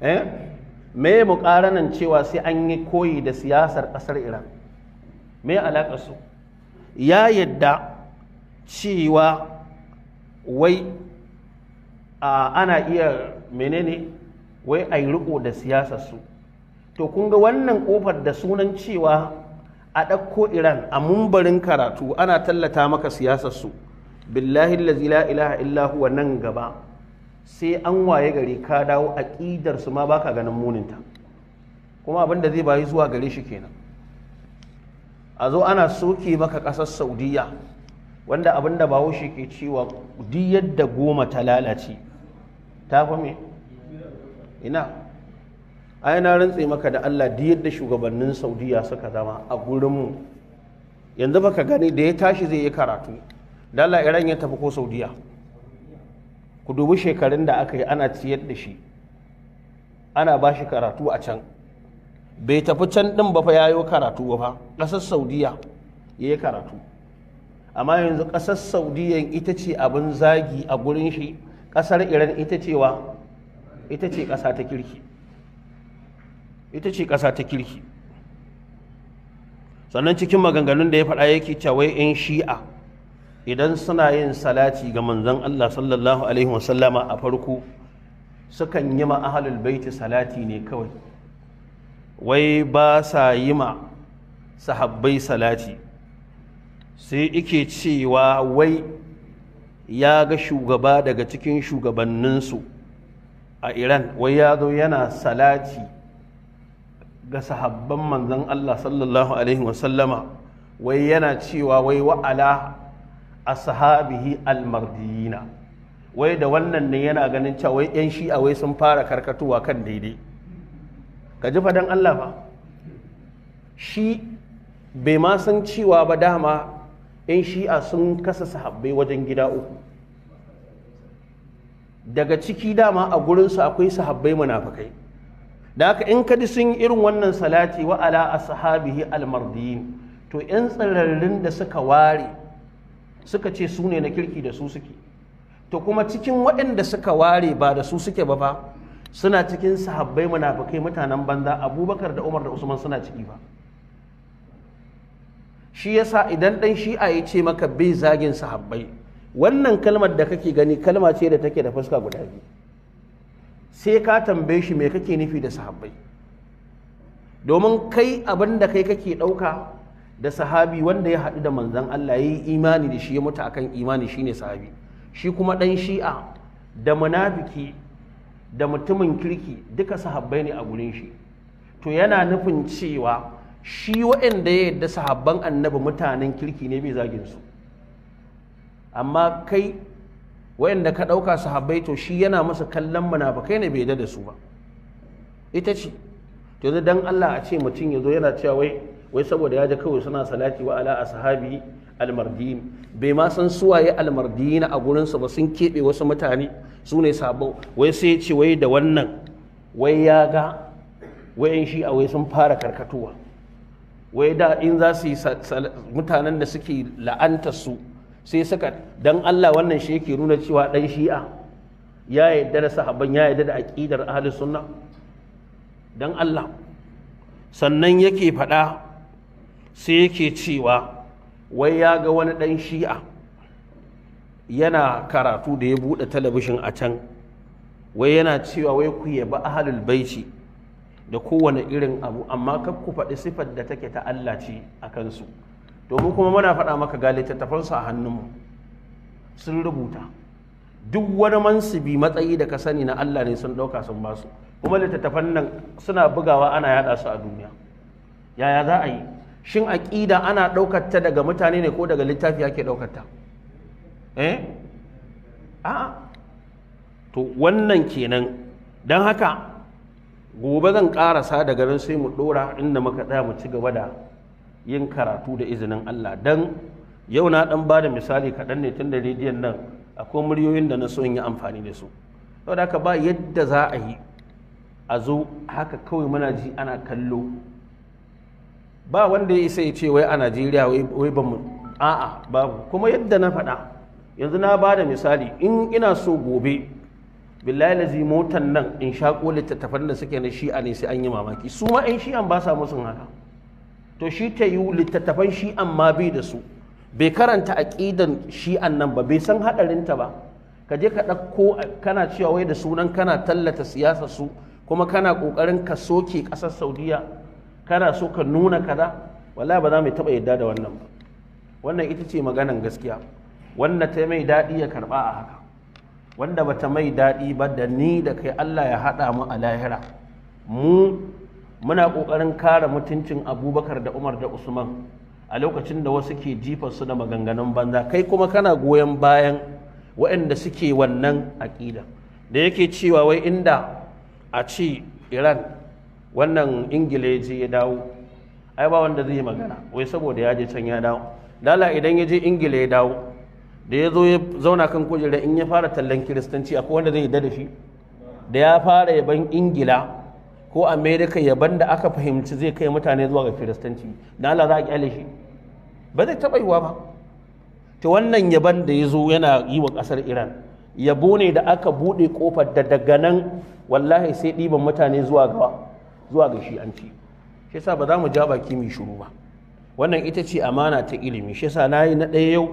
Speaker 3: eh me muƙaranan cewa sai an yi koyi da siyasar ƙasar iran me alaƙa su ya yadda cewa wai ana iya menene wai a yi riko da siyasar su to kun ga wannan kofar da sunan cewa a ɗauko iran a mumbarin karatu ana tallata maka siyasar su billahi lazi la ilaha illahu wa nan gaba sai an waye gari ka dawo aƙidar su ma baka ganin muninta kuma abinda zai bayi zuwa gare shi kenan a zo ana soke maka ƙasar saudiya wanda abinda da bawo shi ke cewa diyar da goma ta lalace ta fa ina ai na rantse maka da Allah da yadda shugabannin Saudiya suka zama a gurinmu yanzu baka gani da ya tashi zai yi karatu da Allah Iran ya tafi ko Saudiya ku dubi shekarun da aka yi ana ciyar da shi ana ba shi karatu a can bai tafi can din ba fa yayo karatu ba fa Saudiya ya yi karatu amma yanzu ƙasar Saudiya ita ce abin zagi a gurin shi ƙasar iran ita cewa ita ce ƙasa ta kirki ita ce ƙasa ta kirki sannan cikin maganganun da ya faɗa yake cewa in shi'a idan suna yin salati ga manzon Allah sallallahu alaihi wasallama a farko sukan yi ma ahlul baiti salati ne kawai wai ba sa yi ma sahabbai salati sai ike cewa wai ya ga shugaba daga cikin shugabanninsu a iran wai ya zo yana salati ga sahabban manzan allah sallallahu alaihi wasallama wai yana cewa wai wa'ala a sahabihi almardiyina wai da wannan ne yana ganin cewa wai 'yan shi'a wai sun fara karkatuwa kan daidai ka ji fadan allah ba shi bai ma san cewa ba dama 'yan shi'a sun kasa sahabbai wajen gida uku daga ciki dama a gurinsu akwai sahabbai munafukai da haka in kadi sun yi irin wannan salati wa ala ashabihi almardiyin to 'yan tsirarrin da suka ware suka ce su ne na kirki da su suke to kuma cikin waɗanda suka ware ba da su suke ba fa suna cikin sahabbai munafukai mutanen banza abubakar da umar da usman suna ciki ba shi yasa idan ɗan shi'a ya ce maka bai zagin sahabbai wannan kalmar da kake gani kalma ce da take da fuska guda biyu sai ka tambaye shi me kake nufi da sahabbai domin kai abin da kai kake ɗauka da sahabi wanda ya haɗu da manzan Allah ya yi imani da shi ya mutu akan imani shine sahabi shi kuma ɗan shi'a da munafiki da mutumin kirki duka sahabbai ne a gurin shi to yana nufin cewa shi wayanda ya yadda sahabban annabi mutanen kirki ne mai zagin su amma kai wa'anda ka ɗauka sahabbai to shi yana masa kallon munafukai ne bai da su ba ita ce to yanzu dan Allah a ce mutum ya zo yana cewa wai saboda ya ji kawai suna salati wa ala ashabi almardin bai ma san suwaye almardina a gurinsa ba sun keɓe wasu mutane su ne sabo wai sai ce wai da wannan wai ya ga wayan shi a wai sun fara karkatuwa wai da in za su yi mutanen da suke la'anta su sai suka dan Allah wannan shi yake nuna cewa dan shi'a ya yadda da sahabban ya yadda da aqidar ahli sunna dan Allah sannan yake faɗa sai yake cewa wai ya ga wani dan shi'a yana karatu da ya buɗe talabishin a can wai yana cewa wai ku yaba ahlul baiti da kowane irin abu amma kar ku faɗi siffar da take ta Allah ce a kansu domin kuma muna faɗa maka ga littattafansu a hannunmu sun rubuta duk wani mansubi matsayi da ka sani na Allah ne sun ɗauka sun basu kuma littattafan nan suna bugawa ana yaɗa su a duniya yaya za a yi shin aƙida ana ɗaukar ta daga mutane ne ko daga littafi ake ɗaukar ta eh a'a to wannan kenan don haka gobe zan karasa sada garin sai mu dora inda muka tsaya mu ci gaba da yin karatu da izinin Allah dan yau na dan bada misali kaɗan ne tun da rediyon nan akwai muryoyin da na so in yi amfani da su da aka ba yadda za a yi a zo haka kawai muna ji ana kallo ba wanda ya isa ya ce wai a Najeriya wai ba mu a'a babu kuma yadda na faɗa yanzu na bada misali in ina so gobe billahi lazi motan nan in shaƙo littattafan da suke na shi'a ne sai an yi mamaki su ma 'yan shi'an ba sa musun haka to shi ta yi littattafan shi'an ma bai da su bai karanta aƙidan shi'an nan ba bai san ta ba ka je ka ɗauko kana cewa wai da sunan kana tallata siyasa su kuma kana ƙoƙarin ka soke ƙasar saudiya kana so ka nuna kaza wallahi ba za mu taɓa yarda da wannan ba wannan ita ce maganan gaskiya wannan ta mai daɗi ya karɓa a haka wanda bata mai daɗi ba da ni da kai Allah ya haɗa mu a lahira mu muna ƙoƙarin kare mutuncin abubakar da umar da usman a lokacin da wasu ke su da maganganun banza kai kuma kana goyon bayan waɗanda suke wannan aƙida da yake cewa wai inda a ci iran wannan ingilishi ya dawo ai ba wanda zai magana wai saboda ya je can ya dawo lala idan ya je ingila ya dawo da ya zo ya zauna kan kujera in ya fara tallan kiristanci akwai wanda zai yi shi da ya fara yaban ingila ko amerika yaban da aka fahimci zai kai mutane zuwa ga kiristanci da Allah za a kyale shi ba zai taɓa yiwa ba ta wannan yaban da ya zo yana yi wa kasar iran yabo ne da aka buɗe ƙofar da daga nan wallahi sai ɗiban mutane zuwa ga zuwa ga shi an ci shi yasa ba za mu ja baki mai shiru ba wannan ita ce amana ta ilimi shi yasa yi na ɗaya yau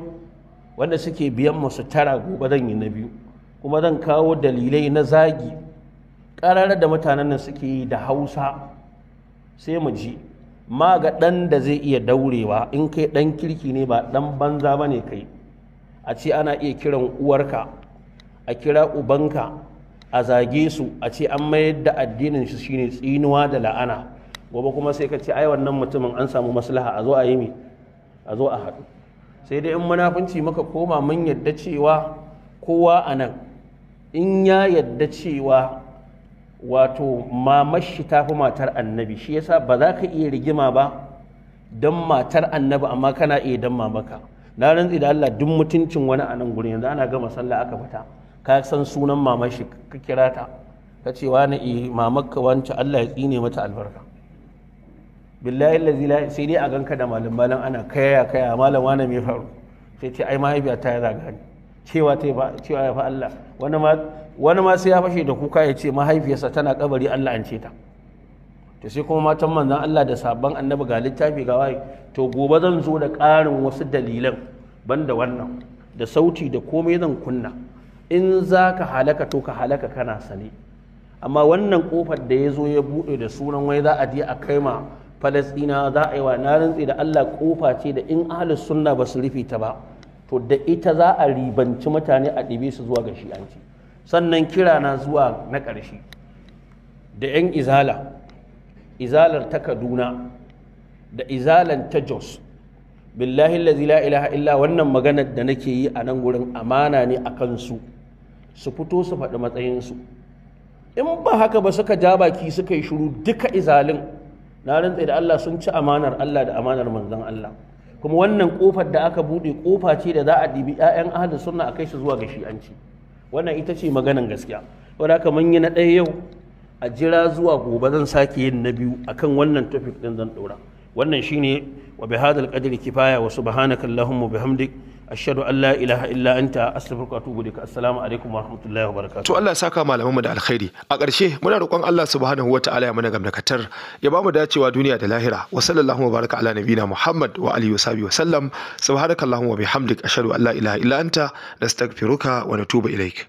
Speaker 3: wanda suke biyan masu tara gobe zan yi na biyu kuma zan kawo dalilai na zagi ƙarar da mutanen nan suke yi da hausa sai mu ji ma ga ɗan da zai iya daurewa in kai ɗan kirki ne ba ɗan banza ba ne kai a ce ana iya kiran uwarka a kira ubanka a zage su a ce an mayar da addinin shi shine tsinuwa da la'ana gobe kuma sai ka ce ai wannan mutumin an samu maslaha a zo a yi mi a zo a haɗu sai dai in munafunci maka koma mun yadda cewa kowa a nan in ya yadda cewa wato mamashi ta fi matar annabi shi yasa ba za ka iya rigima ba don matar annabi amma kana iya don mamaka na rantsi da Allah duk mutuncin wani a nan gurin yanzu ana gama sallah aka fita ka san sunan mamashi ka kira ta ka ce wani eh, mamakka wancan Allah ya tsine mata albarka billahi lazi la sai dai a ganka da malam malam ana kaya kaya malam wani mai faru sai ce ai mahaifiya ta yi zaga ni cewa ta yi ya fa Allah wani ma sai ya fashe da kuka ya ce mahaifiyarsa tana kabari Allah an ce ta to sai kuma matan manzan Allah da sabon annabi ga littafi ga waye. to gobe zan zo da ƙarin wasu dalilan banda wannan da sauti da komai zan kunna in za ka halaka to ka halaka kana sane amma wannan kofar da ya zo ya buɗe da sunan wai za a je a kai ma falastina za a yi wa na rantsi da allah kofa ce da in ahalus sunna ba su rufe ta ba to da ita za a ribanci mutane a ɗibe su zuwa ga shi'anci sannan kira na zuwa na ƙarshe da 'yan izala izalar ta kaduna da izalan ta jos billahi la ilaha illa wannan maganar da nake yi a nan gurin amana ne a kansu su fito su faɗi matsayinsu in ba haka ba suka ja baki suka yi shuru duka izalin na rantsa da Allah sun ci amanar Allah da amanar manzon Allah kuma wannan kofar da aka bude kofa ce da za a dibi ƴaƴan ahlus suna a kai su zuwa ga shi'anci wannan ita ce maganan gaskiya wanda haka manya na ɗaya yau a jira zuwa gobe zan sake yin na biyu akan wannan topic ɗin zan ɗora wannan shine وبهذا القدر كفاية وسبحانك اللهم وبحمدك أشهد أن لا إله إلا أنت أستغفرك وأتوب إليك السلام عليكم ورحمة الله وبركاته
Speaker 1: to Allah ya saka malamanmu da alkhairi a ƙarshe muna roƙon Allah subhanahu wataala ya mana gamdakatar ya bamu dacewa duniya da lahira wa sallallahu wa baraka ala nabiyina Muhammad wa alihi wa sahbihi wa sallam subhanakallahumma wa bihamdik ashhadu an la wa ilaik